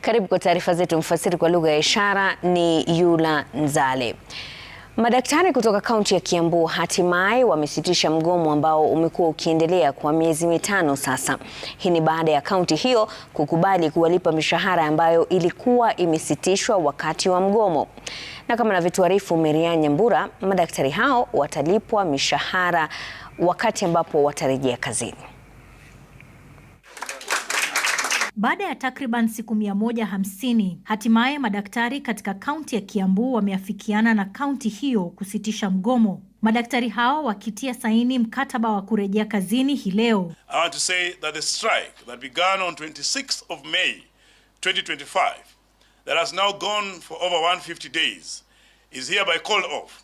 Karibu kwa taarifa zetu. Mfasiri kwa lugha ya ishara ni Yula Nzale. Madaktari kutoka kaunti ya Kiambu hatimaye wamesitisha mgomo ambao umekuwa ukiendelea kwa miezi mitano sasa. Hii ni baada ya kaunti hiyo kukubali kuwalipa mishahara ambayo ilikuwa imesitishwa wakati wa mgomo. Na kama anavyotuarifu Merian Nyambura, madaktari hao watalipwa mishahara wakati ambapo watarejea kazini. Baada ya takriban siku 150 hatimaye madaktari katika kaunti ya Kiambu wameafikiana na kaunti hiyo kusitisha mgomo, madaktari hao wakitia saini mkataba wa kurejea kazini hii leo. I want to say that the strike that began on 26th of May 2025 that has now gone for over 150 days is hereby called off.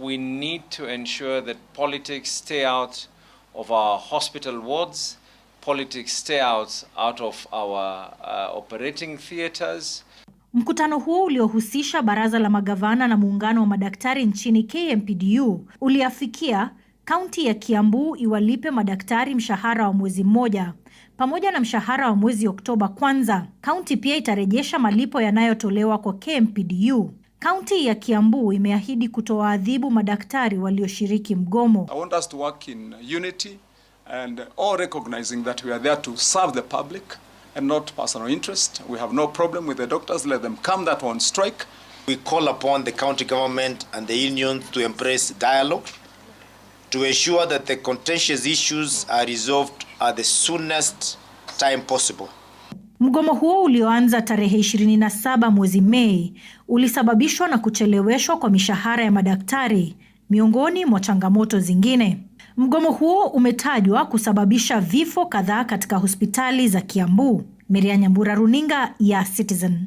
We need to ensure that politics stay out of our hospital wards politics stay out, out of our uh, operating theaters. Mkutano huo uliohusisha baraza la magavana na muungano wa madaktari nchini KMPDU uliafikia kaunti ya Kiambu iwalipe madaktari mshahara wa mwezi mmoja pamoja na mshahara wa mwezi Oktoba kwanza. Kaunti pia itarejesha malipo yanayotolewa kwa KMPDU. Kaunti ya Kiambu imeahidi kutowaadhibu madaktari walioshiriki mgomo. I want us to work in unity and all recognizing that we are there to serve the public and not personal interest. We have no problem with the doctors. Let them come that on strike. We call upon the county government and the unions to embrace dialogue to ensure that the contentious issues are resolved at the soonest time possible. Mgomo huo ulioanza tarehe 27 mwezi Mei ulisababishwa na kucheleweshwa kwa mishahara ya madaktari miongoni mwa changamoto zingine. Mgomo huo umetajwa kusababisha vifo kadhaa katika hospitali za Kiambu. Miriam Nyambura, runinga ya Citizen.